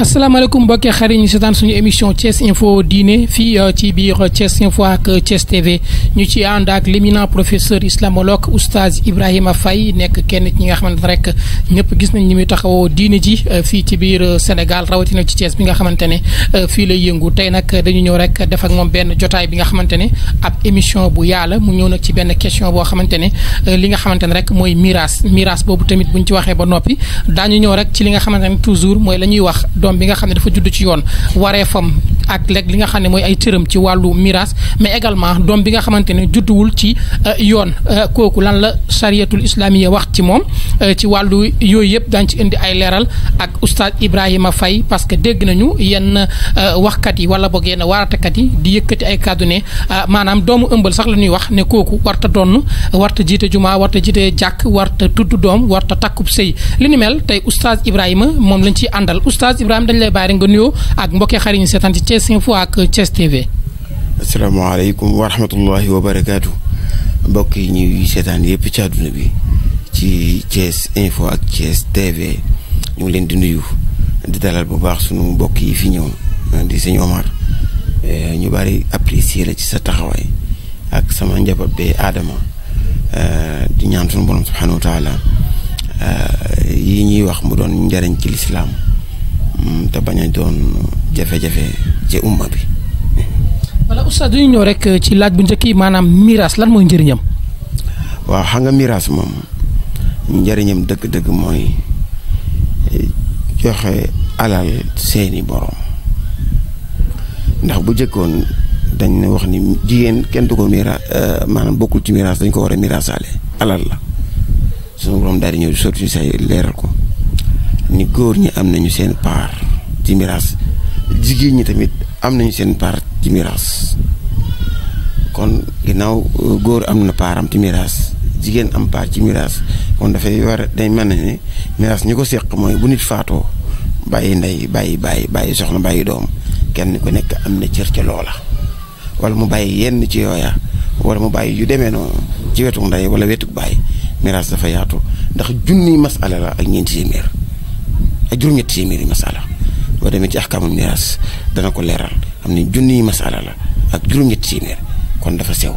asalaamaaleykum mbokki xarit ñu seetaan suñu émission Thiès Info diine fii euh, ci biir Thiès Info ak Thiès TV ñu ci ànd ak l'éminent professeur islamologue oustaz Ibrahima fay nekk kenn ci nga xamante ne rek ñëpp gis nañ ni muy taxawoo diine ji euh, fii ci biir euh, Sénégal rawatina ci Thiès bi nga xamante ne fii lay yëngu tey nag dañu ñëw rek def ak moom benn jotaay bi nga xamante ne ab émission bu yàlla mu ñëw nag ci benn question boo xamante ne li nga xamante rek mooy miraas miraas boobu tamit buñ ci waxee ba noppi daa ñu ñëw rek ci li nga xamante ne toujours mooy la ñuy wax. doom bi nga xam dafa judd ci yoon wareefam ak lekk li nga xam ne mooy ay cëram ci wàllu miraas mais également doom bi xamante ne judduwul ci euh, yoon euh, kooku lan la chariatul islamiya wax ci moom euh, ci wàllu yooyu yëpp daañu ci indi ay leeral ak oustaz Ibrahima Faye parce que dégg nañu yenn waxkat yi wala boog yenn waaratekat yi di yëkkati ay kàddu maanaam doomu ëmbal sax la ñuy wax ne kooku warta donn warta jiite jumaa warta jiite jàkk warta tudd doom warta takkub sëy li ni mel tey oustaz Ibrahima moom lañ àndal oustaz Ibrahima salaam dañ lay bàyyi nga nuyoo ak mbokki xarit ñu seetaan ci Thiès Info ak Thiès TV. asalaamaaleykum wa rahmatullahi wa barakaatu mbokk yi ñuy seetaan yëpp ci ci Thiès ak Thiès TV ñu ngi leen di nuyu di dalal bu baax sunu mbokk yi fi ñëw di sëñ Omar eh, ñu bari apprécier la ci sa taxawaay ak sama njaboot bee Adama eh, di ñaan sunu borom subhanahu wa eh, yi ñuy wax mu doon njariñ ci lislaam Mm, te bañ a doon jafe-jafe ci umma bi. wala oustaz dañu ñëw rek euh, ci laaj bu njëkk yi maanaam miraas lan mooy njëriñam. waaw xam nga miraas moom njëriñam dëgg-dëgg mooy eh, joxe alal seeni borom ndax bu jëkkoon dañ ne wax ni jigéen kenn du ko miraas euh, maanaam bokkul ci miraas dañ ko war a miraasaale alal la sunu borom daal di ñëw sotti say leeral ko. ni góor ñi am nañu seen part ci jigéen ñi tamit am nañu seen part ci kon ginnaaw euh, góor am na paaram ci miraas jigéen am part ci miraas kon dafay war day mën na ne miraas ñi ko séq mooy bu nit faatoo bàyyi ndey bàyyi bàyyi bàyyi soxna bàyyi doom kenn ku nekk am na cër ca loola wala mu bàyyi yenn ci yooya wala mu bàyyi yu demee noonu ci wetu ndey wala wetu bàyyi miraas dafa yaatu ndax junniy masala la ak ñeenti téeméer ak juróom-ñetti téeméeri masala boo demee ci axkaamul miraas dana ko leeral xam ne junniy masala la ak juróom-ñetti téeméer kon dafa sew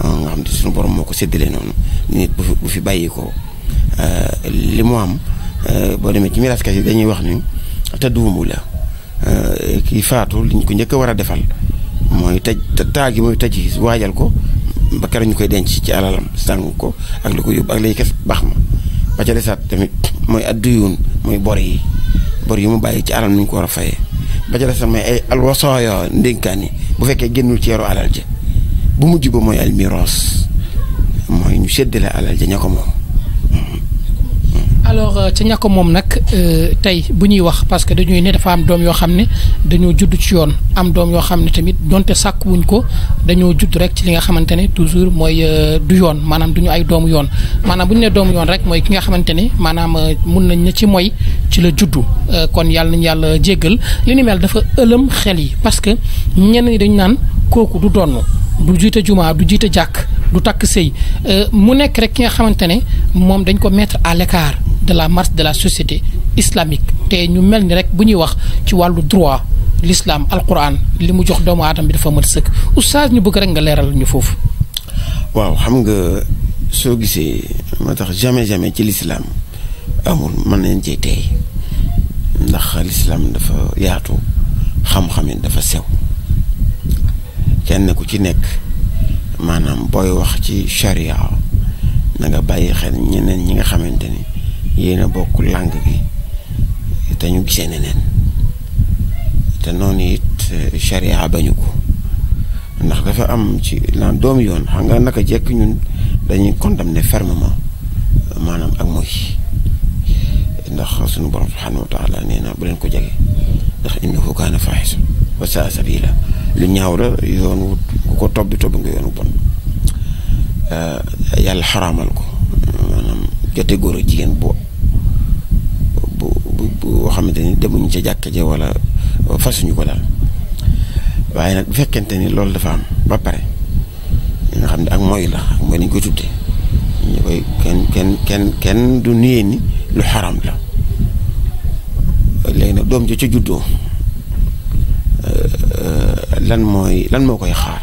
ah, nga xam ne suñu borom moo ko séddalee noonu nit bu fi bu fi bàyyi ko ah, li mu am ah, boo demee ci miraaskat yi dañuy wax ni tëdduwumu la kii faatu liñ ko njëkk a war a defal mooy taj taagi mooy taj waajal ko ba keroog ñu koy denc ci alalam sàng ko ak lu ko yóbbu ak lay kes baax ma ba ca tamit mooy adduyuun mooy bor yi bor yi mu bàyyi ci alal nu ñu ko war a fayee ba ca desaat mooy ay alwasaaya ndénkaan yi bu fekkee génnul ci yaru alal ja bu mujj ba mooy almiros mooy ñu séddale alal ja ña alors euh, ci ñàkk moom nag euh, tey bu ñuy wax parce que dañuy ne dafa am doom yoo xam ne dañoo judd ci yoon am doom yoo xam ne tamit donte sàkk wuñ ko dañoo judd rek ci li nga xamante ne toujours mooy euh, du yoon maanaam du ay doomu yoon maanaam bu ñu ne doomu yoon rek mooy ki nga xamante ne maanaam mun nañ na ci mooy ci la juddu kon yàlla nañu yàlla jéggal li ni mel dafa ëlëm xel yi parce que ñenn ñi dañu naan kooku du donn du jiite jumaa du jiite jàkk du takk sëy mu nekk rek ki nga xamante ne moom dañ ko mettre à l'écart de la marche de la société islamique te ñu mel ni rek bu ñuy wax ci wàllu droit l'islam alquran li mu jox doomu aadam bi dafa mën sëkk oustaz ñu bëgg rek nga leeral ñu foofu. waaw xam nga soo gisee ma tax jamais jamais ci l'islam amul mën nañ cee tey ndax l'islam dafa yaatu xam-xam dafa sew kenn ku ci nekk maanaam booy wax ci charia na nga bàyyi xel ñeneen ñi nga xamante ni. yéen a bokk làng gi te ñu gisee neneen te noonu it charia euh, bañu ko ndax dafa am ci lan doom yoon xam nga naka jekk ñun dañuy condamné fermement maanaam ak mooy ndax suñu borom subhaanahu wa taala nee na bu leen ko jege ndax innahu kaana faaxisa wa saa sabila lu ñaaw la yoon wu ku ko tobbi tobbi nga yoon wu bon euh, yàlla xaraamal ko maanaam jote jigéen bu bu boo xamante ni demuñu ca jàkka ja wala fasuñu ko daal waaye nag bu fekkente ni loolu dafa am ba pare nga xam ne ak mooy la ak mooy koy tuddee koy kenn kenn kenn kenn du nuyee lu xaram la léegi nag doom ja ca juddoo euh, lan mooy lan moo koy xaar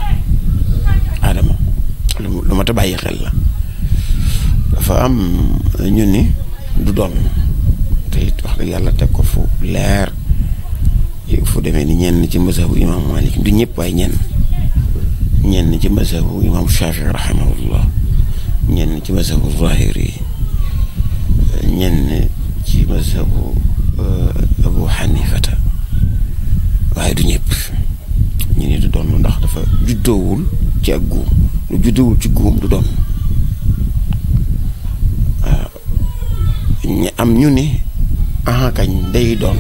aadama lu ma ta xel la dafa am ñu ni du doom wax dëgg yàlla teg ko fu leer fu demee ni ñenn ci mazhabu imam malik du ñëpp waaye ñenn ñenn ci mazhabu imam shafii rahimahullah ñenn ci mazhabu zahiri yi ñenn ci mazhabu uh, abu xanifata waaye du ñëpp ñu ni du doon ndax dafa juddoowul ci ak guum lu juddoowul ci guum du doon am ñu ne aha kañ day doon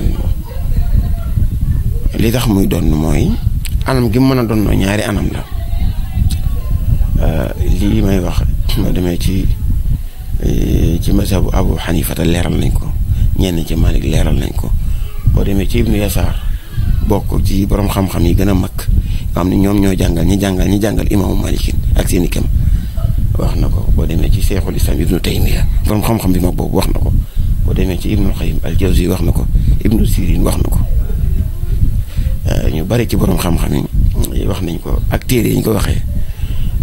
li tax muy doon mooy anam gi mën a doon ñaari anam la euh, lii may wax ma demee ci euh, ci mazhabu Abu Hanifa te leeral nañ ko ñenn ci Malik leeral nañ ko boo demee ci nu Yasaar bokk ci borom xam-xam yi gën a mag nga xam ñoom ñoo jàngal ñi jàngal ñi jàngal imaamu Malikin ak seen i wax na ko boo demee ci Seexul Islam Ibnu Taymiya borom xam boobu wax na ko demee ci ibnu Qayyim al-Jawzi wax na ko ibnu Sirin wax na ko euh, ñu bari ci boroom xam-xam yi eh, wax nañ ko ak téere yi ñu ko waxee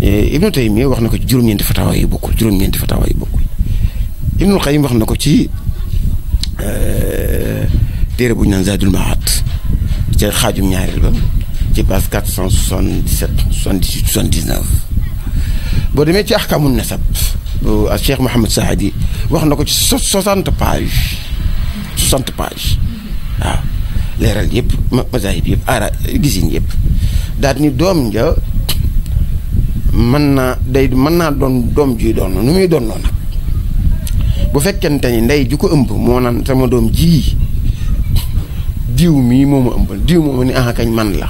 eh, ibnu Taymiyya wax na ko ci juróom-ñeenti fatawa yi bokkul juróom-ñeenti fatawa yi bokkul ibnu Qayyim wax na ko ci euh, téere buñ na naan Zaadul Maad ca xaajum ñaareel ba ci page quatre cent soixante-dix-sept soixante-dix-huit boo demee ci axkaamu nasab bu Cheikh Mouhamed Saadi wax na ko ci soixante paj soixante pages waaw leeral yëpp mazahib yëpp aara gisin yëpp daal ni doom ja mën naa day mën naa doon doom juy doon na nu muy doon nag bu fekkente ni ndey ju ko ëmb moo naan sama doom ji diw mii moo ma ëmbal diw moo ma ni ah man la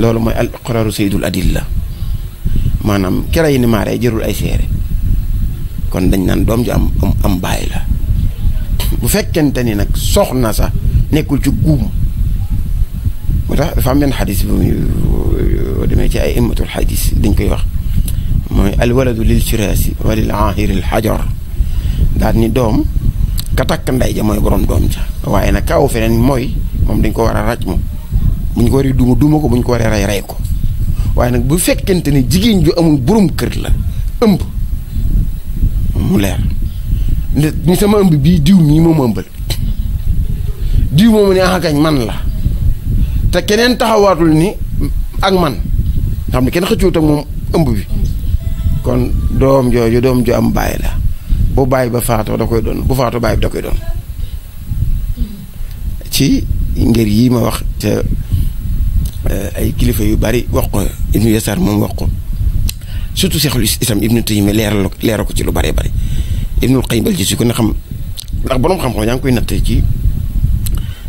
loolu mooy al iqraaru sayyidul adilla maanaam keray ni maaree jërul ay seere kon dañ naan doom ji am am am baay la bu fekkente ni nag soxna sax nekkul ci guum moo tax dafa am benn xadis bu muy demee ci ay immatul xadis dañ koy wax mooy alwaladu lil firaasi wa lil aahiri al xajar daal ni doom ka takk ndey ja mooy borom doom ja waaye nag kaw feneen mooy moom dañ ko war a raj moom bu ñu ko war duma duma ko bu ko waree rey rey ko waaye nag bu fekkente ni jigéen ju amul borom kër la ëmb mu leer ni sama ëmb bii diw mii moom ëmbal diw moomu ne axakañ ah man la te keneen taxawaatul ni ak man xam ne kenn xëccuwut ak moom ëmb bi kon doom yu doom ju am bàyyi la bu bàyyi ba faatoo da koy doon bu faatoo bàyyi bi da koy doon ci ngir yii ma wax ca eh, ay kilifa yu bari wax ko Ibnu moom wax ko surtout Seexul Islaam Ibnu Taymiyya leeral la ko ci lu bëree bëri Ibnul Qayyim al-Jawziyya ku ne xam ndax boroom xam-xam yaa ngi koy nattee ci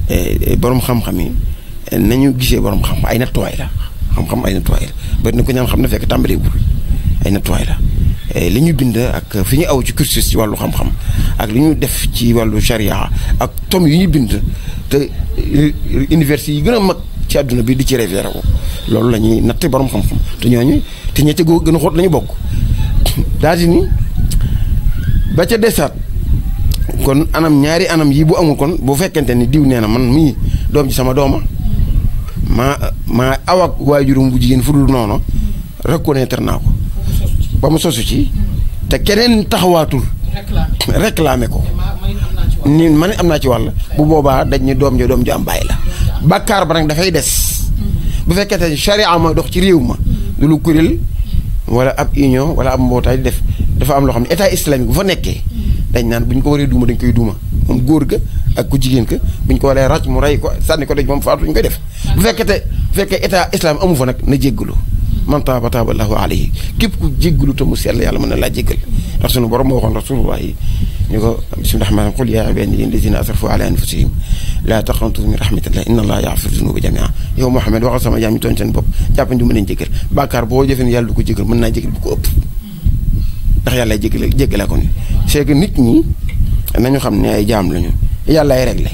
eh, borom xam-xam yi nañu gisee borom xam-xam ay nattuwaay la xam-xam ay nattuwaay la bari na ko ñaan xam na fekk tàmbalee wul ay nattuwaay la eh, li ñu bind ak fi ñu aw ci cursus ci wàllu xam-xam ak li ñu def ci wàllu charia ak tom yu ñu bind te eh, université yi gën a mag. ci àdduna bi di ci référé ko loolu la ñuy natt borom xam-xam te ñooñu te ña ca gën a xóot la ñu bokk daal di ba ca desaat kon anam ñaari anam yi bu amul kon bu fekkente ni diw nee na man mii doom ji sama dooma maa maa awak waajurum bu jigéen fu dul noonu reconnaître naa ko ba mu sosu ci te keneen taxawaatul réclamer ko ni man am naa ci wàll bu boobaa dañ ni doom jo doom jo am bàyyi la bàkkaar ba nag dafay des bu fekkente ne charia mooy dox ci réew ma du lu kuréel wala ab union wala ab mbootaay def dafa am loo xam ne état islamique bu fa nekkee dañ naan bu ñu ko waree duuma dañ koy duuma moom góor ga ak ku jigéen ka bu ñu ko waree raj mu rey ko sànni ko daj moom faatu ñu koy def bu fekkete bu fekkee état islam amu fa nag na jéggalu man taaba taaba allahu alayhi képp ku jéggalu te mu sell yàlla mën na laa jéggal ndax sunu borom moo waxoon rasulullah yi نيغو بسم الله الرحمن قل يا عبادي الذين اسرفوا على انفسهم لا تقنطوا من رحمه الله ان الله يغفر الذنوب جميعا يوم محمد وقال سما جامي تون تن بوب جاب ندي من نجيكر بكار بو جيفن يالله كو جيكر من نجيكر بو كوب دا يالله جيكل جيكلا كون شيك نيت ني ما نيو خامني اي جام لا نيو يالله يرجل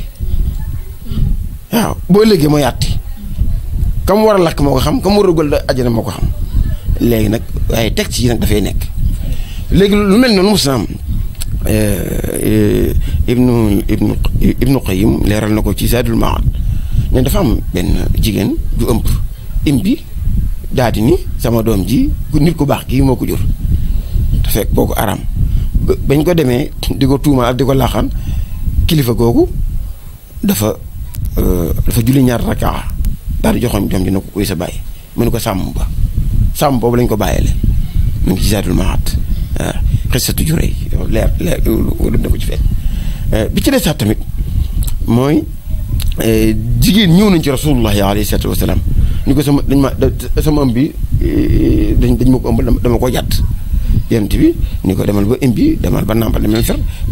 يا بو ليغي مو ياتي كم ورا لك مو خام كم ورغول اجنا مو خام لغي نك واي تكسي نك دا فاي نك لغي لو مل نون مسلم Euh, euh, ibnu ibnu ibnu Qayyim leeral na ko ci Zaadul Maad ne dafa am benn jigéen du ëmb im bi daal ni sama doom ji nit ku baax kii moo ko jur te fekk kooku aram bañ ko demee di ko tuuma ak di ko laaxaan kilifa googu dafa euh, dafa julli ñaar rakaa daal di joxoon doom ji na ko kuy sa bàyyi mu ne ko sàmm ba sàmm boobu lañ ko bàyyee leen mu ngi ci Zaadul Maad xisatu ju rëy leer leer dina ko ci fekk euh, bi ci desaat tamit mooy euh, jigéen ñëw nañ ci rasulullahi alayhi ñu ko sama dañ ma sama ëmb euh, dañ dañ ma dama ko yàtt bi ni ko demal ba ëmbi demal ba nàmpal demel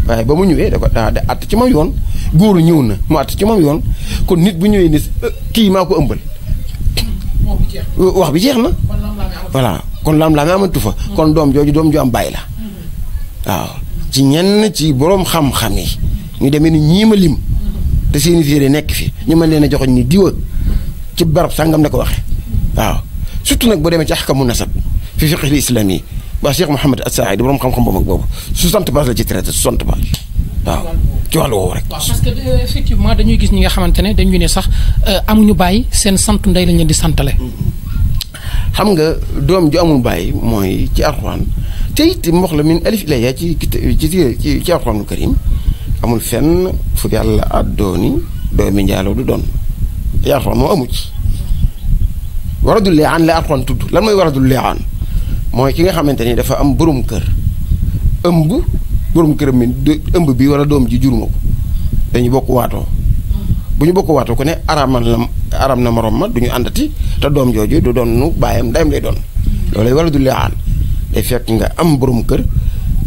waaye ba mu ñëwee da ci moom yoon góoru ñëw na mu att ci yoon kon nit bu ñëwee ni kii ko ëmbal wax bi jeex na voilà kon laam-laam amatu fa hmm. kon doom jooju doom ju am bàyyi la waaw ci ñenn ci boroom xam-xam yi ñu demee ni ñii ma lim te seeni téere nekk fi ñu mën leen a joxoñ ni diwa ci barab sàngam la ko waxe waaw surtout nag boo demee ci axkamu nasab fi fiqhil islam yi waa Cheikh Mouhamed Assaïd boroom xam-xam boobu ak boobu 60 pages la ci traité 60 pages waaw ci wàllu woowu rek. waaw parce que euh, effectivement dañuy gis ñi nga xamante ne dañu ne sax euh, amuñu bàyyi seen santu ndey lañ leen di santale. xam nga doom ju amul bàyyi mooy ci alxuraan te it mu wax la min alif ilaa yaa ci ci ci amul fenn fu yàlla àddooni doomi njaaloo du doon te alxuraan moo amu ci waradul leexaan la tudd lan mooy waradul leexaan mooy ki nga xamante ni dafa am borom kër ëmb borom këram mi ëmb bii wala doom ji juruma ko dañu bokk waatoo mm. bu ñu bokk waatoo ko ne araamal la aram na moroom ma du ñu àndati te doom jooju du doon nu bàyyam ndeyam lay doon loolay wala du leexaan day fekk nga am borom kër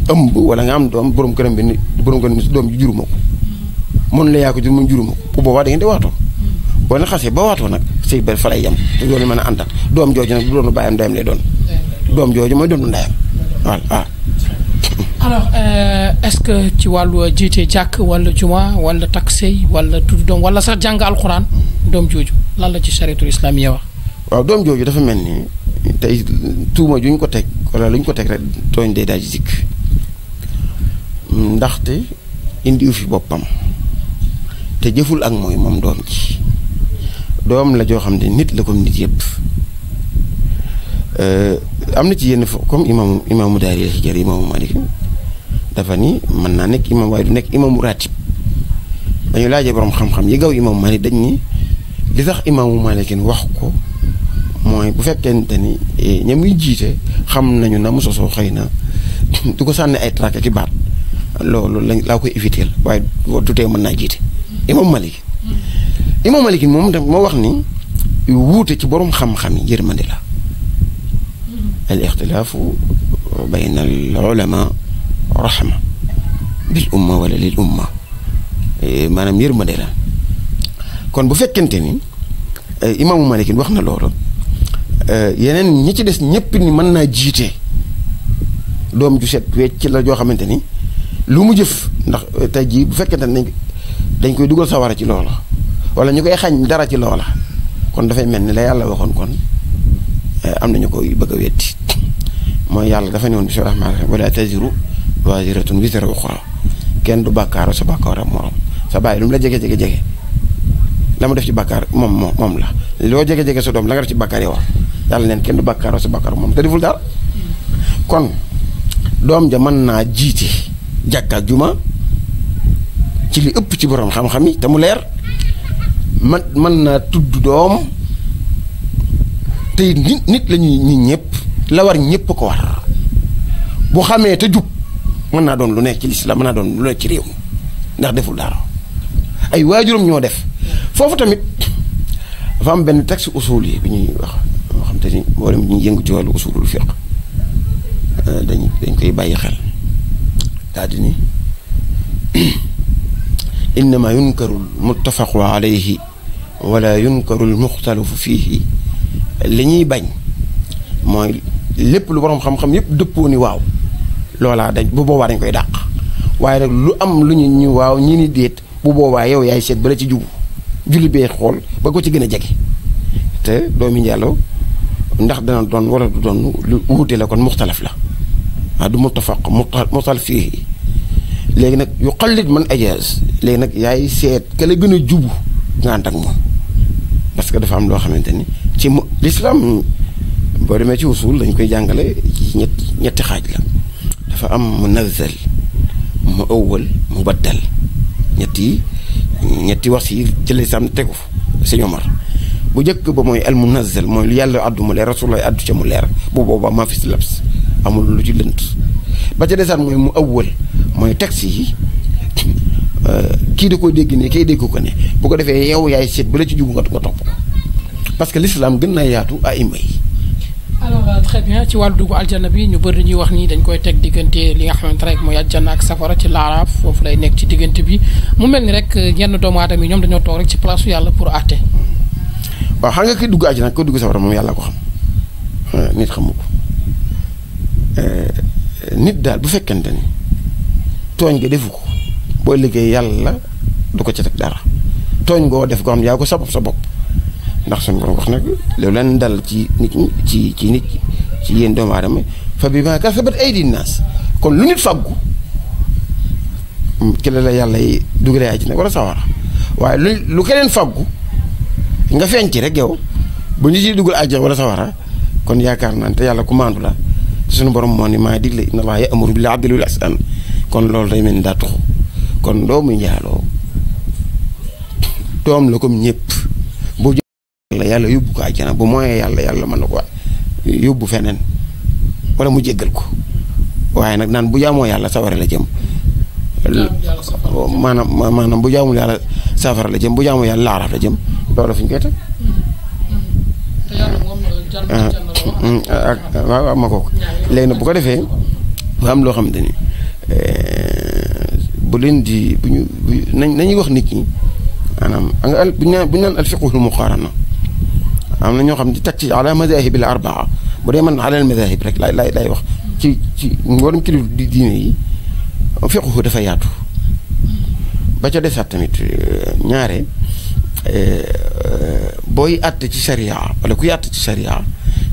ëmb wala nga am doom borom këram bi ni borom këram bi doom ji juruma ko mun la yaa ko jur mun juruma ko bu boobaa da ngeen di waatoo boo leen xasee ba waatoo nag sëy ba lay yem te loolu mën a àndal doom jooju nag du doon bàyyam ndeyam lay doon doom jooju mooy doonu ndeyam euh, est-ce que ci wàllu jiite jàkk wala juma wala taksi wala tudd doom wala sax jàng alxuraan doom jooju lan la ci chariatul islamiya wax. waaw doom jooju dafa mel ni tey tuuma juñ ko teg wala luñ ko teg rek tooñ day daal di dikk ndaxte indiwu fi boppam te jëful ak mooy moom doom ji doom la joo xam ne nit la comme nit yëpp. am na ci yenn fo comme imaamu imaamu daari la ci jër imaamu Malik dafa ni mën naa nekk imaam waaye du nekk imaamu ratib dañu laajee borom xam-xam yi gaw imaamu Malik dañ ni. li tax imam malik wax ko moy bu fekkente ni ñamuy jité xam nañu na mu sosoo xëy du ko sànni ay traque ci baat lolu la ko éviter way du tee mën naa jiite imaamu Maalik imaamu Maalik moom tam wax ni wuté ci borom xam-xam yermandi la al ikhtilaf bayna al ulama rahma bil umma wala lil umma manam yermandi la kon bu fekkente ni eh, imam malik wax na lolu eh, yenen ñi ci des ñepp ni man na jité doom ju set wécc la jo xamanteni ni lu mu jëf ndax eh, tay ji bu fekkente ni dañ koy dugal sawara ci lolu wala ñukay xagn dara ci lolu kon da fay melni la yalla waxon kon am nañu koy bëgg wéti wetti yalla da fa ñewon woon bismillahi rahim wala taziru waziratun wizra ukhra ken du bàkkaaru sa bàkkaaram mo sa bay lu la jégué jégué jégué la mu def ci bakkar mom mom la lo jégué jégué sa doom la nga def ci bakkar yow yalla neen kenn du bakkar sa bakkar mom te deful dal kon dom ja man na jiti jakka juma ci li ëpp ci borom xam xami te mu leer man man na tuddu dom te nit nit lañuy nit ñepp la war ñepp ko war bu xamé te man na doon lu nekk ci lislaam man na doon lu nekk ci réew ndax deful dara ay wajurum ñoo def foofu tamit dafa am benn texte usul yi bi ñuy wax moo xam te ni mboolem ñu yëngu ci wàllu usulul fiq dañ dañ koy bàyyi xel daal di ni innama yunkaru lmuttafaqu alayhi wala yunkaru lmuxtalafu fiihi li ñuy bañ mooy lépp lu borom xam-xam yépp dëppoo ni waaw loolaa dañ bu boobaa dañ koy dàq waaye nag lu am lu ñu ñu waaw ñi ni déet bu boobaa yow yaay seet bala ci jubu julli bee xool ba ko ci gën a jege te doomi njaaloo ndax dana doon wala du doon lu wuute la kon muxtalaf la ah du muttafaq muxtalaf fii léegi nag yu xollit man ajaz léegi nag yaay seet ke la gën a jubu nga ak moom parce que dafa am loo xamante ni ci l'islam boo demee ci usul dañ koy jàngale ci ñetti ñetti xaaj la dafa am mu nazal mu awwal mu baddal ñett yi ñetti wax yi ci lislaam tegu sëñ Omar bu njëkk ba mooy al mooy lu yàlla addu mu leer rasulullah addu ca mu leer bu boobaa maa fi si labs amul lu ci lënt ba ca desaat mooy mu awwal mooy taxi yi euh, kii di ko dégg ne kii dégg ko ne bu ko defee yow yaay seet ba la ci jugu nga topp ko parce que l'islam gën naa yaatu a may alors euh, très bien ci wàllu dugg aljanna bi ñu bëri ñuy wax nii dañ koy teg diggante li nga xamante rek mooy aljanna ak safara ci laaraaf foofu lay nekk ci diggante bi mu mel ni rek euh, ñenn doomu aadama yi ñoom dañoo toog rek ci place yàlla pour àtte. waaw xam nga ki dugg aljanna ko dugg safara moom yàlla ko xam euh, nit xamu nit daal bu fekkente ni tooñ nga defu ko boo liggéey yàlla du ko ca teg dara tooñ ngoo def ko xam yaa ko sabab sa bopp. ndax suñu borom wax nag lu leen dal ci nit ci ci nit ci yéen doomu aadama fa bi maa kasabat aydi naas kon lu nit fàggu ki la yàlla yi dugalee àjjana wala sawara waaye lu lu nga feeñ ci rek yow bu ñu ciy dugal àjjana kon yaakaar naa te yàlla ku maandu la sunu borom moo ni maa digle inna allaha ya'muru bil adli wal ihsan kon loolu day mel ni daa tuxu kon doomu njaaloo doom la comme ñëpp. yàlla yóbbu ko àjjana bu mooyee yàlla yàlla mën ko yóbbu feneen wala mu jéggal ko waaye nag naan bu jaamoo yàlla sawara la jëm. maanaam maanaam bu jaamul yàlla safara la jëm bu jaamul yàlla laaraaf la jëm loolu fu ñu koy teg. ak ah, ah, ah, waaw ko ni eh, bu leen di bu nañuy wax nit ñi naan bu ñu naan am na ñoo xam di teg ci ala madahib al arbaa bu dé man ala al madahib rek lay lay lay wax ci ci ngorum ci di diine yi fiqhu dafa yaatu ba ca dessat tamit ñaare euh boy àtte ci sharia wala ku àtte ci sharia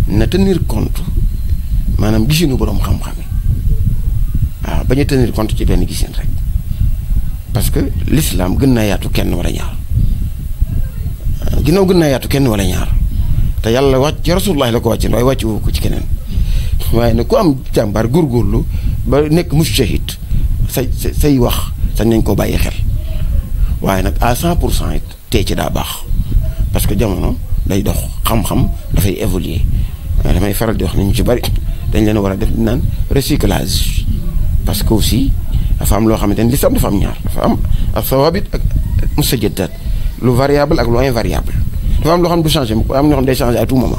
na tenir compte manam gisinu borom xam-xam yi waaw bañ tenir compte ci ben gisin rek parce que l'islam gën naa yaatu kenn wala ñaar ginnaaw gën naa yaatu kenn wala ñaar te yàlla wàcc ci rasulullah la ko wàcce waaye wàcce woo ko ci keneen waaye nag ku am jàmbaar góorgóorlu ba nekk mujtahid sa say wax sañ nañ ko bàyyi xel waaye nag à cent pour cent it tee ci daa baax parce que jamono day dox xam-xam dafay évoluer waaye damay faral di wax nañu ci bari dañ leen war a def naan recyclage parce que aussi dafa am loo xam ne li sam dafa am ñaar dafa am ak it ak mustajaddaat lu variable ak lu invariable Je vais me le rendre plus chanceux, je vais me le rendre plus chanceux à tout moment.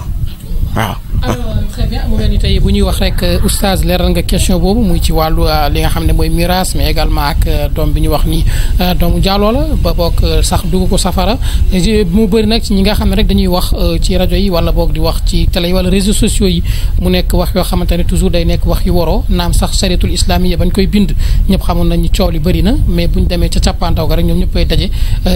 bien mu mel ni tey bu ñuy wax rek euh, oustaz leeral nga question boobu muy ci wàllu euh, li nga xam ne mooy miraas mais également ak euh, doom bi ñu wax nii doomu jaaloo la ba boog sax dugg ko safara mu bëri nag ci ñi nga xam ne rek dañuy wax ci rajo yi wala boog di wax ci télé yi wala réseaux sociaux yi mu nekk wax yoo xamante ne toujours day nekk wax yu waroo sax chariatul islamiya bañ koy bind ñëpp xamoon nañu coow li bëri na mais buñ demee ca cappaandaw ga rek ñoom ñëppay daje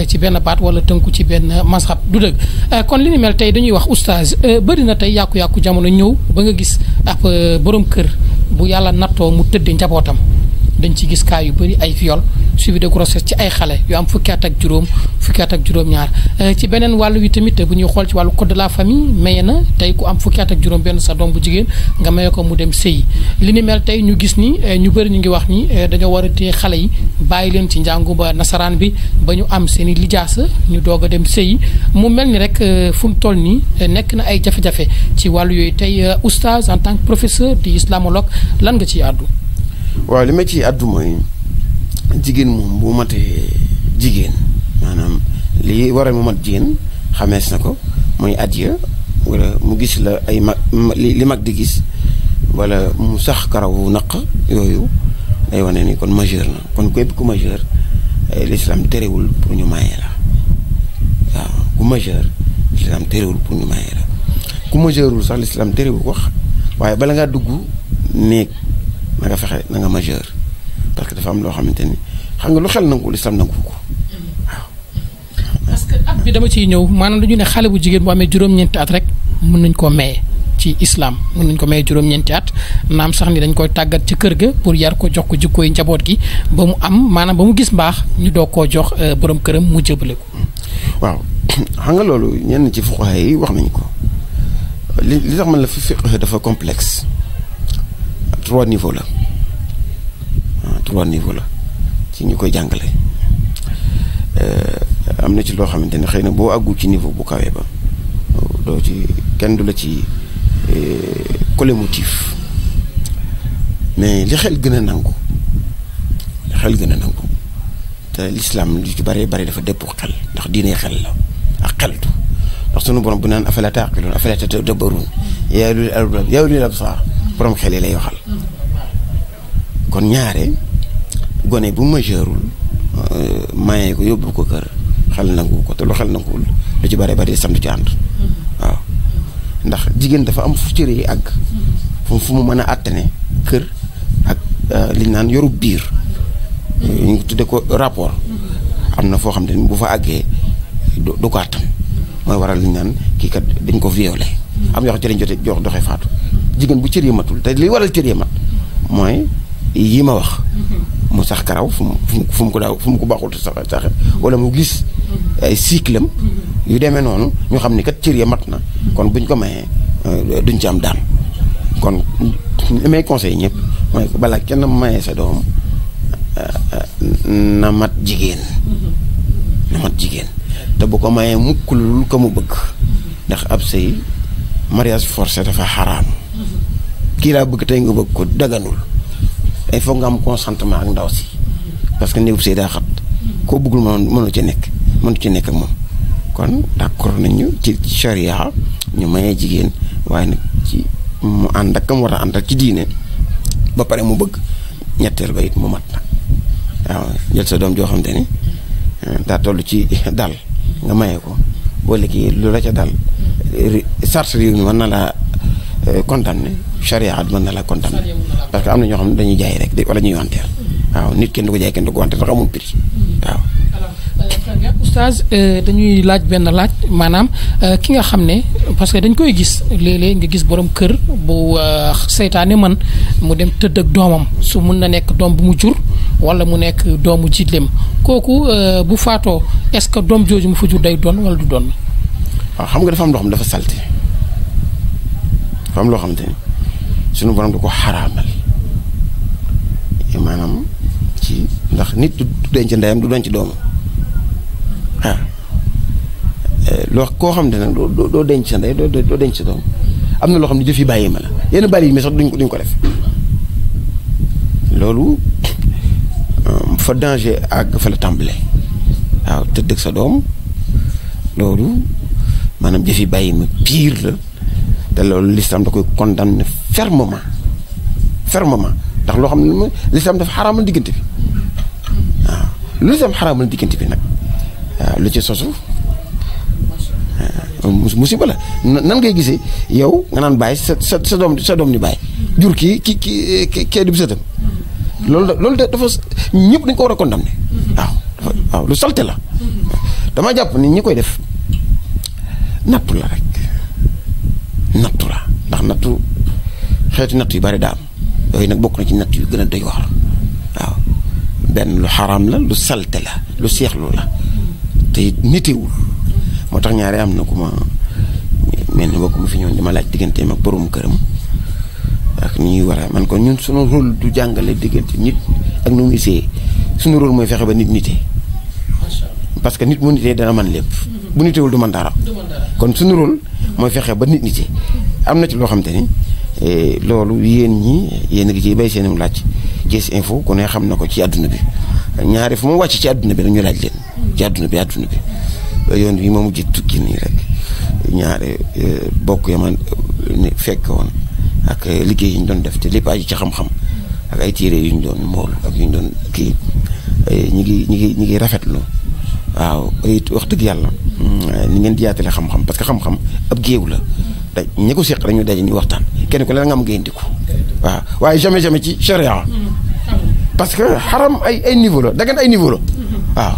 ci benn baat wala tënku ci benn mazhab du dëgg kon li ni mel tey dañuy wax oustaz bëri tey yàqu-yàqu jamono ñëw nga gis ab euh, borom kër bu yàlla nattoo mu tëdd njabootam dañ ci gis cas yu bëri ay viol suivi de grossesse ci ay xale yu am fukki at ak juróom fukki at ak ñaar euh, ci beneen wàll wi tamit bu ñuy xool ci wàllu code de la famille maye na tey ku am fukki at ak juróom benn sa doom bu jigéen nga maye ko mu dem sëyi li ni mel tey ñu gis ni euh, ñu bëri ñu ngi wax ni euh, dañoo war a téye xale yi bàyyi leen ci njàngu nasaraan bi ba ñu am seen i lijaasa ñu doog a dem yi mu mel ni rek fu mu toll nii nekk na ay jafe-jafe ci wàll yooyu tey oustaz en tant professeur di islamologue lan nga ciy àddu waaw li ma ci àddu mooy jigéen moom bu matee jigéen maanaam li waral mu mat jigéen xamees na ko mooy adiya walla mu gis la ay mag li mag di gis walla mu sax karawu naq yooyu day wane ni kon majeur na kon képp ku majeur eh, l'islam terewul pour ñu maye la waaw ku majeur l'islam terewul pour ñu maye la ku majeurul sax l'islam terewul wax waaye bala ngaa dugg néeg nga fexé na nga majeur parce que dafa am lo xamanteni xam nga lu xel nangul islam nangul ko parce que at bi dama ci ñew manam dañu ne xalé bu jigen bu amé juroom ñent at rek mën nañ ko mayé ci islam mën nañ ko mayé juroom ñent at naam sax ni dañ koy tagat ci kër ga pour yar ko jox ko yi njaboot gi ba mu am manam ba mu gis mbax ñu do ko jox euh, borom kërëm mu jëbale ko. waaw xam nga lolu ñen ci fuqaha yi wax nañ ko li tax man la fi fiqh dafa complexe. trois niveaux la ah trois niveaux la ci ñu koy jàngale euh, am na ci loo xamante ne xëy na boo àggu ci niveau bu kawee ba doo ci kenn du la ci euh, collé motif mais li xel gën a nangu li xel gën a nangu te l'islam lu ci bare bëri dafa dëpp xel ndax diine xel la ak xeltu ndax sunu borom bu naan afala taaqiluun afala tatadabbaruun yaa ulil albaab yaa ulil absaar borom xel yi lay waxal kon ñaare gone bu majeurul euh, mayee ko yóbbu ko kër xel nangu ko te lu xel nanguwul lu ci bare bari samtu ci ànd waaw ndax jigéen dafa am fu cër yi àgg fu mu mën a àttane kër ak euh, li ñu naan yoru biir ñu ngi tudde ko rapport am na foo xam ne bu fa àggee du ko àttan mooy waral li ñu naan kii kat dañ ko violé am yoo xam ci jote jox doxee faatu jigéen bu cër yi matul te li waral cër yi mooy yii ma wax mu sax karaw fu mu fu mu ko daaw fu mu ko baaxul sax saxe wala mu gis ay cycle am yu demee noonu ñu xam ni kat cër ya mat na kon buñ ko mayee euh, duñ ci am daan kon li may conseil ñëpp mooy balaa kenn mayee sa doom euh, mat jigéen na jigéen te bu ko mayee mukk lu ko mu bëgg ndax ab sëy mariage forcé dafa xaraam ki la bëgg tay nga bëgg ko daganul ay fo nga am consentement ak ndaw si parce que neuf sëy daa xat koo bëggul mënoon mënu ci nek mënu ci nek ak moom kon d'accord nañu ci sharia ñu maye jigen way nak ci mu and ak mu war and ci diine ba pare mu bëgg ñetteel ba it mu mat na waaw jël sa doom jo xam tane eh, da tollu ci dal nga maye ko boo ki lu la ca dal sarsu yu mi mën na condamné euh, charia mën na la condamné parce que am na ñoo xam ne dañuy jaay rek wala ñuy wanteer waaw nit kenn du ko jaay kenn du ko wanteer ndax amul prix euh, euh, dañuy laaj benn laaj maanaam ki nga xam ne parce que dañ koy gis léeg-léeg nga gis boroom kër bu seytaane man mu dem tëdd ak doomam su mun na nekk doom bu mu jur wala mu nekk doomu jiitlem kooku bu faatoo est-ce que doom jooju mu fa jur day doon wala du doon. waaw xam nga dafa am loo dafa salte dafa loo xamante ne suñu borom da ko xaraamal maanaam ci ndax nit du denc ndeyam du denc doomam ah. eh, loo koo xam ne nag doo doo denc sa ndey doo denc sa doom am na loo xam ne jëf yi bàyyi ma la yenn bàyyi mi sax duñ ko duñ ko def loolu um, fa danger àgg fa la tàmbalee waaw tëdd ak sa doom loolu maanaam jëf yi bàyyi ma pire la. te loolu l'islam da koy condamné fermement fermement ndax loo xam ne mooy l'islam dafa xaraamal diggante bi waaw lu l'islam bi nag lu ci sosu musiba la nan ngay gisee yow nga naan bàyyi sa sa sa doom sa doom ni bàyyi kii ki ki kee di loolu da dafa ñëpp dañu ko war waaw waaw lu salte la dama jàpp ni ñi koy def nattu la rek nattu la ndax nattu xeeti nattu yu bari daam yooyu nag bokku na ci natt yu gën a doy waar waaw benn lu xaraam la lu salte la lu seexlu la te nitewul moo tax ñaari am na ku ma mel ni bokk mu fi ñëw dama laaj digganteem ak borom këram ak ñuy war a man kon ñun sunu rôle du jàngale diggante nit ak nu mu isee sunu rôle mooy fexe ba nit nitee parce que nit mu nitee dana man lépp mm-hmm. bu nitewul du man dara kon sunu rôle mooy fexe ba nit ñi ci am na ci loo xamante ni eh, loolu yéen ñi yéen a ngi ciy bay seenum laaj Thiès info ku ne xam na ko ci àdduna bi ñaari fu mu wàcc ci àdduna bi dañu laaj leen ci àdduna bi àdduna bi yoon bi ma mujj tukki nii rek ñaari eh, bokk ya man eh, woon ak liggéey yi ñu doon def te lépp aju ci xam-xam ak ay téere yu ñu doon mool ak yu ñu doon kii ñi ngi ñi ngi ñi ngi rafetlu waaw it wax dëgg yàlla Euh, ni ngeen di yaatale xam-xam parce que xam-xam ab géew la da ñi ko seq dañu daje ñu waxtaan kenn ku ne la nga am ngay indiku waaw waaye jamais jamais ci charia hmm. parce que xaram ay ay niveau la dagan ay niveau la hmm. waaw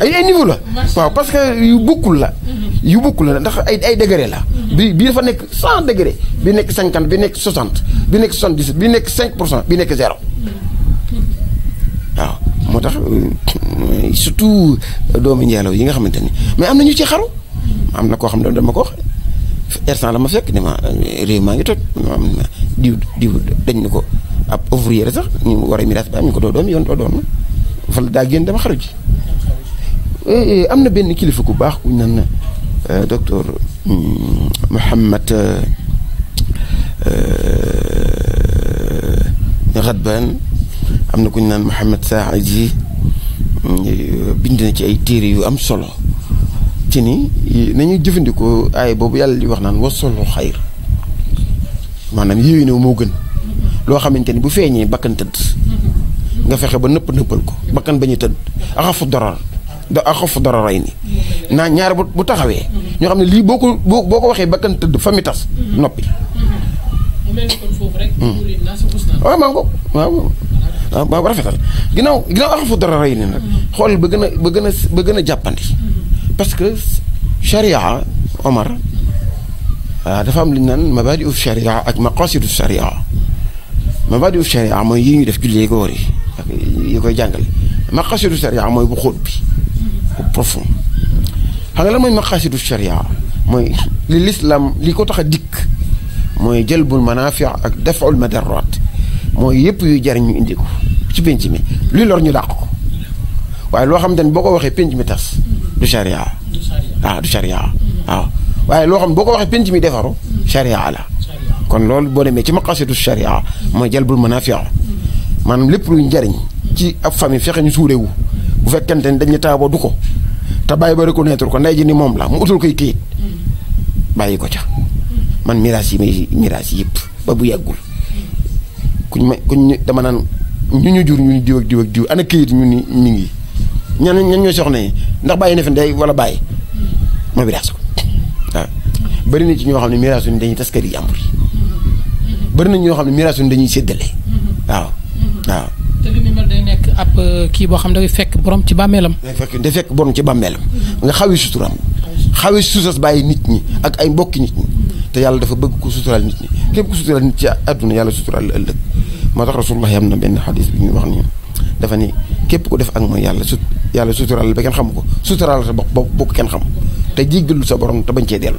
ay ay niveau la waaw parce que yu bokkul la hmm. yu bokkul la ndax ay ay degré la bi bi dafa nekk cent degré bi nekk cinquante bi nekk soixante bi nekk soixante-dix bi nekk cinq pour cent bi nekk zéro moo tax euh, surtout euh, doomu njaalaw yi nga xamante ni mais am na ñu ci xaru am na koo xam ne dama ko ersan la ma fekk ne ma euh, réew maa ngi toj ma am na dañ ni ko ab ouvrier sax ñu war a miiras ba ñu ko doo doom yoon doo doon fa daa génn dama xaru ji eh, eh, am na benn kilifa ku baax kuñ na docteur hmm, Mouhamed Ghadban am na ku ñu naan Mouhamed Saadi uh, bind na ci ay téere yu am solo ci ni nañu jëfandikoo aay boobu yàlla di wax naan wasolu xayr maanaam yéwé ne moo gën loo xamante ni bu feeñee bakkan tëdd nga fexe ba nëpp nëppal ko bakkan ba ñu tëdd axafu darar da axafu dararay ni naa ñaar bu taxawee ñoo xam ne lii boo ko boo ko waxee bakkan tëdd fa mi tas noppi hmm. waaw maa ko waaw ah ba rafetal ginnaaw ginnaaw arxafu dara rey ni nag xool ba gën a ba gën a ba gën a jàppandi parce que charia Omar dafa am li ñu naan mabadi u charia ak maqasidu charia mabadi u charia mooy yi ñu def jullee góor yi ak yi koy jàngale maqasidu charia mooy bu xóot bi bu profond xam nga lan mooy maqasidu charia mooy li l'islam li ko tax a dikk mooy jëlbul manafia ak daful madarat mooy yëpp yuy jariñ ñu indi ko ci pénc mi luy lor ñu dàq ko waaye loo xam te ne boo ko waxee pénc mi tas du charia waaw du charia waaw waaye loo xam boo ko waxee pénc mi defaru charia la kon loolu boo demee ci ma maqasidu charia mooy jalbul manaafi maanaam lépp luy jariñ ci ab fami fexe ñu suurewu bu fekkente ne dañu taaboo du ko te bàyyi ba reconnaître ko ndey ji ni moom la mu utul koy kayit bàyyi ko ca man miraas yi may miraas yëpp ba bu yàggul kuñ may kuñ dama naan ñu ñu jur ñu ni diw ak diw ak diw ana këyit ñu ni mi ngi ñan ñan ñooy soxna yi ndax bàyyi na fi ndey wala bàyyi ma miraas na ci ñoo xam ne miraas ni dañuy taskari yi jàmbur yi bëri na ñoo xam ne miraas ni dañuy séddale waaw waaw te lu ni mel day nekk ab euh, kii boo xam ne day fekk borom ci bàmmeelam day fekk borom ci bàmmeelam nga xawi suturam xawi suusas bàyyi nit ñi ak ay mbokki nit ñi te yàlla dafa bëgg ku suturaal nit ñi képp ku suturaal nit ci àdduna yàlla suturaal ëllëg moo tax rasulullah am na benn xadis bi ñuy wax nii dafa ni képp ku def ak mooy yàlla su yàlla suturaal ba kenn xamu ko suturaal sa bopp boo ko kenn xam te jéggalu sa borom bañ cee dellu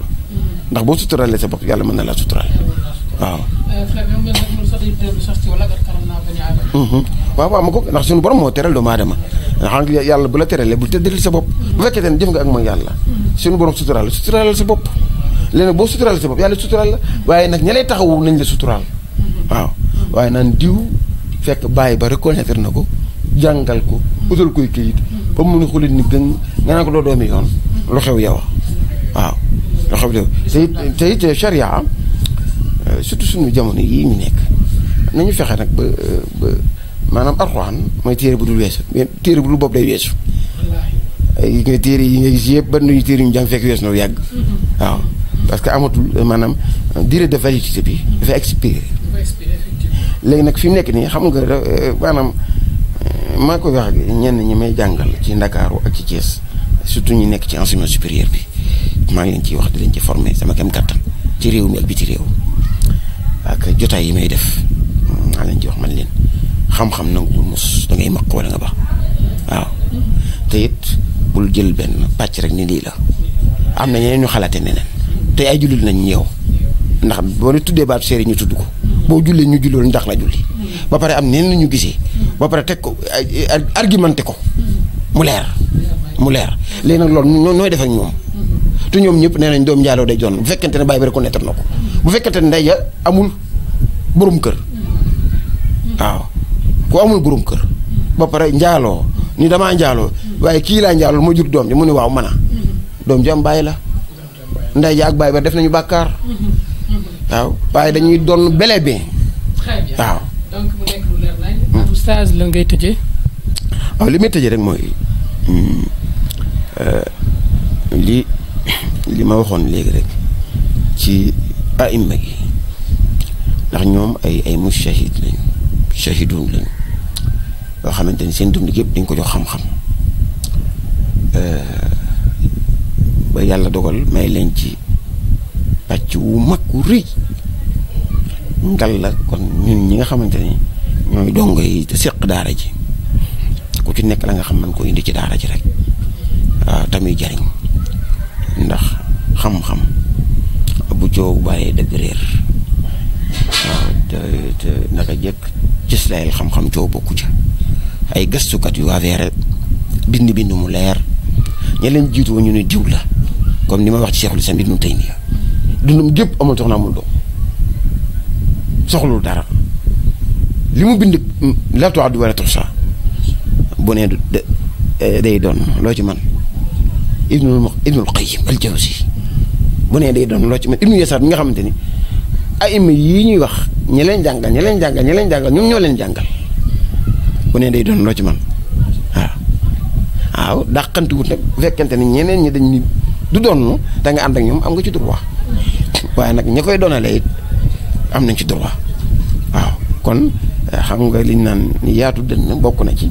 ndax boo suturaalee sa bopp yàlla mën na laa suturaal waaw. Mhm. waaw waaw ma ko ndax suñu borom moo teral doomu aadama xam nga yàlla bu la teralee bu tëddil sa bopp bu fekkee ne jëf nga ak mooy yàlla suñu borom suturaal suturaalal sa bopp léegi boo suturaal sa yàlla suturaal la waaye nag ña lay taxawu nañ la suturaal waaw waaye naan diw fekk bàyyi ba reconnaître na ko jàngal ko utal koy këyit ba mu ne xulit ni gën nga naa ko doo doomi yoon lu xew yow waaw lu xew yow te it te it charia euh, surtout suñu jamono yii ñu nekk fexe nag ba ba maanaam alxuraan mooy téere bu dul weesu téere bu dul bopp day weesu yi nga téere yi nga gis yëpp ban nañu téere ñu jàng fekk weesu na yàgg mm-hmm. waaw parce que amatul maanaam durée de validité bi dafa expiré léegi nag fi mu nekk nii xam nga euh, maanaam euh, maa koy wax ñenn ñi may jàngal ci Ndakaaru ak ci Thiès surtout ñu nekk ci enseignement supérieur bi maa ngi leen ciy wax di lañ ci former sama kem kàttan ci réew mi ak biti réew ak jotaay yi may def maa leen ci wax man leen xam-xam nanguwul mos da ngay maq wala nga ba waaw te it bul jël benn pàcc rek ni lii la am na ñeneen ñu xalaate neneen te ay jullit nañ yow ndax boo tuddee baatu séeréer ñu tudd ko boo jullee ñu jullool ndax la julli ba pare am neen ñu gisee ba pare teg ko argumenté ko mu leer mu leer léegi nag loolu ñoo nooy def ak ñoom ñëpp nee nañ doom njaaloo day doon bu fekkente ne bàyyi ba reconnaître na ko bu fekkente ndey ja amul borom kër waaw ku amul borom kër ba pare njaaloo ni damaa njaaloo waaye kii laa njaaloo ma jur doom ji mu ne waaw mën a doom ji am bàyyi la ndey ja ak bàyyi ba def nañu bàkkaar waaw waaye dañuy doon bele bi. très bien waaw. donc hmm. li may tëje rek mooy hmm, euh, li li ma waxoon léegi rek ci aima gi ndax ñoom ay ay mushahid lañu shahidun lañu yoo xamante ni seen dund yëpp dañ ko jox xam-xam euh, ba yàlla dogal may leen ci pàcc wu mag wu rëy. ndal la kon ñun ñi nga xamante ni ñooy dongo yi te séq daara ji ku ci nekk la nga xam man ko indi ci daara ji rek waaw tamuy jariñ ndax xam-xam bu coow bàyyee dëgg réer waaw te te naka jëkk xam-xam coow bokku ca ay gëstukat yu avéré bind bind mu leer ña leen jiitu ñu ne diw la comme ni ma wax ci Cheikhul Islam Ibnu Taymiya dundum gépp amul soxna amul doom soxlul dara li mu bind mm, la tuaddu wala tuxsa bu nee du day doon loo ci man ibnul bu nee day doon loo ci man ibnu yasaar bi nga xamante ni aima yii ñuy wax ñi leen jàngal ñi leen jàngal ñi leen jàngal ñoom ñoo leen jàngal bu nee day doon loo ci man waaw waaw dàqantiwut nag bu fekkente ni ñeneen ñi dañ du doon da nga ànd ak ñoom am nga ci droit waaye nag ñi koy doonalee it am nañ ci droit waaw kon eh, xam nga liñ naan yaatu dënn bokk na ci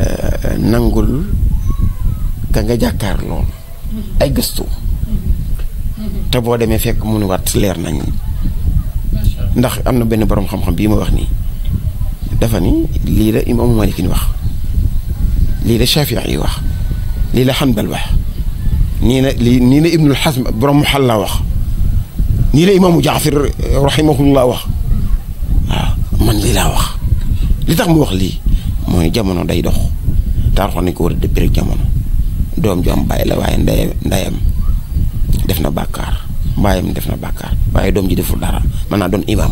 eh, nangul ka nga jàkkaar lool ay gëstu te boo demee fekk mu ne leer nañ ndax am na benn boroom xam-xam bii ma wax nii dafa ni lii la imaamu Malik ni wax lii la Shafii yi wax lii la Hanbal wax nii na lii nii la Ibnul Hazm xal laa wax nii la imaamu jaafir rahimahullah wax waaw man lii laa wax li tax mu wax lii mooy jamono day dox taarixoon nañ ko war a dëpp rek doom ju am bàyyi la waaye def na bàkkaar bàyyam def na bàkkaar waaye doom ji deful dara mën naa doon imaam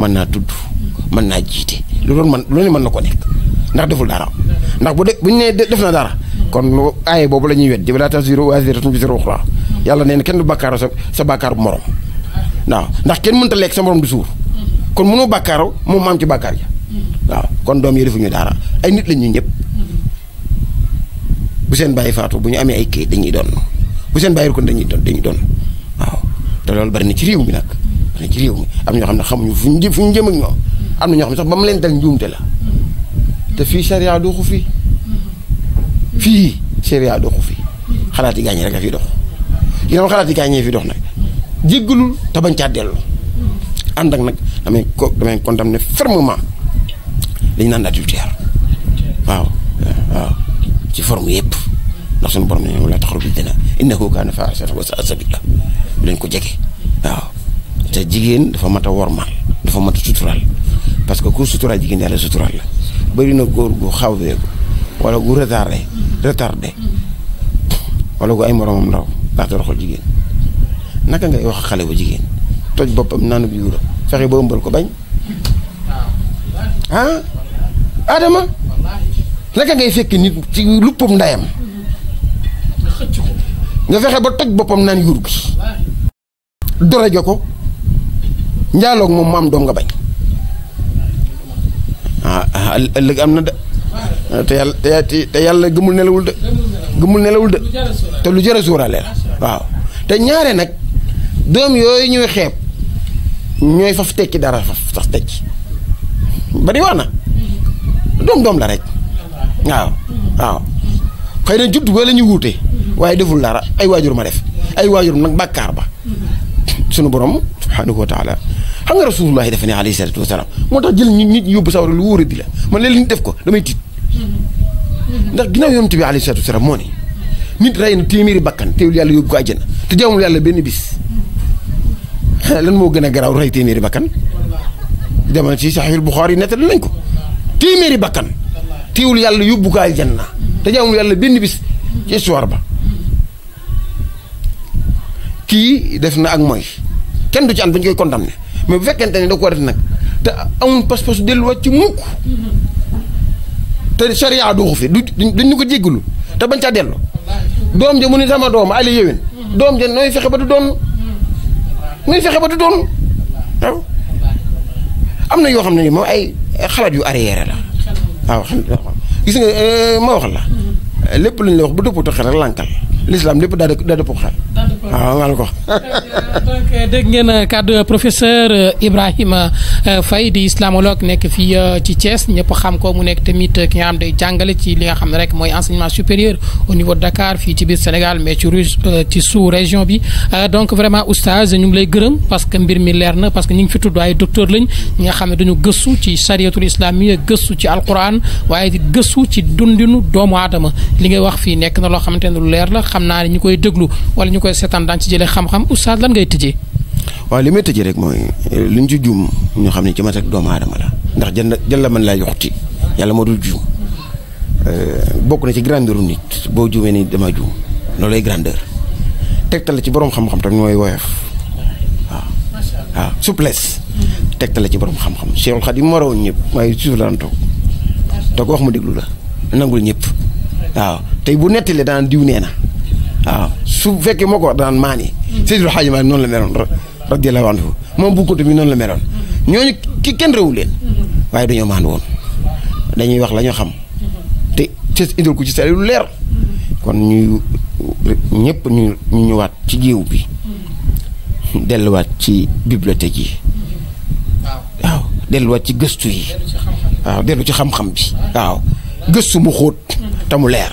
mën naa tudd mën naa jiite lu doon man lu ne mën na ko nekk ndax deful dara ndax bu de bu ñu nee def na dara kon lu aaye boobu la ñuy wet di wala taziru waaziratun wizra uxraa yàlla nee na kenn du bàkkaaru sa sa moroom Nah, ndax kenn ta lek sa morom du sour kon mënu bàkkaaroo mo mam ci bàkkaar ya waaw kon dom yi Busen dara ay nit lañ ñu ñëpp bu seen baye faatu bu ñu amé ay kayit dañuy don bu seen baye kon dañuy don dañuy don waaw te loolu bari ci mi nak bari ci am ñoo xamuñu fu ñu fu ak am na ñoo sax bam leen dal la te fi sharia fi sharia xalaati gañi rek fi dox ginnaaw xalaat yi gaañee fi dox nak jéggalul te bañ dellu ànd nag damay ko damay condamné fermement li ñu naan adultère waaw waaw ci forme yëpp ndax suñu borom ne wala taxaru bi dina innahu ko jege waaw te jigéen dafa mat a wormaal dafa mat suturaal parce que ku suturaal jigéen yàlla suturaal la bëri na góor gu xawweeku wala gu retardé retardé wala gu ay moromam ndaw ndax dara jigéen naka ngay wax xale bu jigéen toj boppam naanub yuura fexe ba ëmbal ko bañ ah Adama naka ngay fekk nit ci luppam ndayam nga fexe ba toj boppam naan yuur gi dorajo ko njaaloog moom mu am doom nga bañ ah, ah ëllëg am na de te yàlla te yàlla gëmul nelawul de gëmul nelawul de te lu jërë sóoraale la waaw te ñaare nag doom yooyu ñuy xeeb ñooy faf tekki dara faf sax tekki bari wax na doom doom la rek waaw waaw xëy na judd ba la ñu wuute waaye deful dara ay waajur ma def ay waajurum nag bàkkaar ba sunu borom subhaanahu wa taala xam nga rasulullahi dafa ne alayhi salatu wasalaam moo tax jël ñu nit yóbbu sawara lu wóora di la man léeg-léeg nit def ko damay tiit ndax ginnaaw yonent bi alayhi salatu wasalaam moo na téeméeri bakkan yàlla yóbbu ko àjjana te jaamul yàlla benn bis lan moo gën a garaaw rey téeméeri bakkan demal ci saxiihul Buxaari nettali nañ ko téeméeri bakkan teewul yàlla yóbbu ko aljanna te jaamul yàlla benn bis ci histoire ba kii def na ak mooy kenn du ci ànd ba ñu koy condamné mais bu fekkente ne da ko def nag te amul pas-pas delluwaat ci mukk te sariya duuxu fi du duñu ko jéggalu te bañ caa dellu doom ja mu ne sama doom ali yewén doom ja nooy fexe ba du doon من في خبر دون أم لا يوم مو أي خلاص يو أريه لا أو خلاص يسنج ما هو خلاص لبلن لو بدو بتو خلاص لانكال l'islam lépp daa daa dëppoo xel. waaw maa la ko donc euh, dégg ngeen euh, kàddu euh, professeur Ibrahima Faye di islamologue nekk fii ci Thiès ñëpp xam ko mu nekk tamit ki nga xam day jàngale ci li nga xam ne rek mooy enseignement supérieur au niveau de Dakar fii ci biir Sénégal mais ci ruge ci sous région bi donc vraiment oustaz ñu ngi lay gërëm parce que mbir mi leer na parce que ñu ngi fi tudd ay docteur lañ ñi nga xam ne dañu gëstu ci chariatul mi gëstu ci alquran waaye gëstu ci dundinu doomu aadama li ngay wax fii nekk na loo xamante ne lu leer la xam naa ne ñu koy déglu wala ñu koy seetaan daan ci jëlee xam-xam oustaz lan ngay tëjee. waaw li may tëjee rek mooy luñ ci juum ñu xam ne ci mat ak doomu aadama la ndax jën jël la mën laa yoxuti yàlla moo dul juum euh, bokk na ci grandeur nit boo juumee ni dama juum loolu grandeur tegtal la ci borom xam-xam mooy woyof waaw waaw ci borom xam-xam Cheikhul Khadim ñëpp waaye suuf la daan te ko wax mu déglu la nangul ñépp waaw tey bu nettalee daan diw nee na waaw su fekkee moo ko wax danaan maan yi Seydil Hadji noonu la meloon radiyallahu anhu moom bu kotu bi noonu la meloon ñooñu ki kenn réwu leen waaye dañoo maan woon dañuy wax lañu ñu xam te te indil ko ci sa leer kon ñuy ñëpp ñu ñu ñëwaat ci géew bi delluwaat ci bibliothèque yi waaw delluwaat ci gëstu yi waaw dellu ci xam-xam bi waaw gëstu mu xóot te mu leer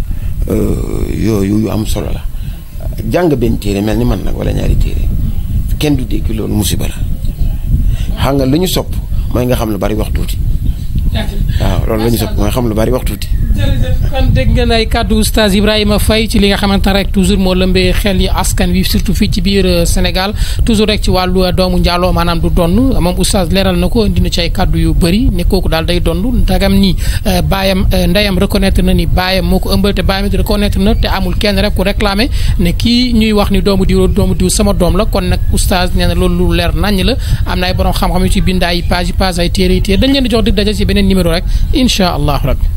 Euh, yooyu yu am solo la jàng benn téere mel ni man nag wala ñaari téere kenn du dégg loolu musiba la xam nga lu sopp mooy nga xam lu bari wax tuuti waaw loolu la ñu sopp mooy xam lu bari wax tuuti jërëjëf dëgg nga ngeen ay kàddu oustaz Ibrahima fay ci li nga xamante ne rek toujours moo lëmbee xel yi askan wi surtout fii ci biir euh, Sénégal toujours rek ci wàllu euh, doomu njaaloo maanaam du donn moom oustaz leeral na ko dina ci ay kaddu yu bëri ne kooku daal day donn ndagam ni euh, baayam ndeyam reconnaître na ni baayam moo ko ëmbal te baayam it reconnaître na te amul kenn rek ku réclamer ne kii ñuy wax ni doomu diw doomu diw sama doom la kon nag oustaz nee na loolu lu leer naññ la na ay borom xam yu ci bind ay page page ay leen di jox dig daje beneen numéro rek incha allahu rabbi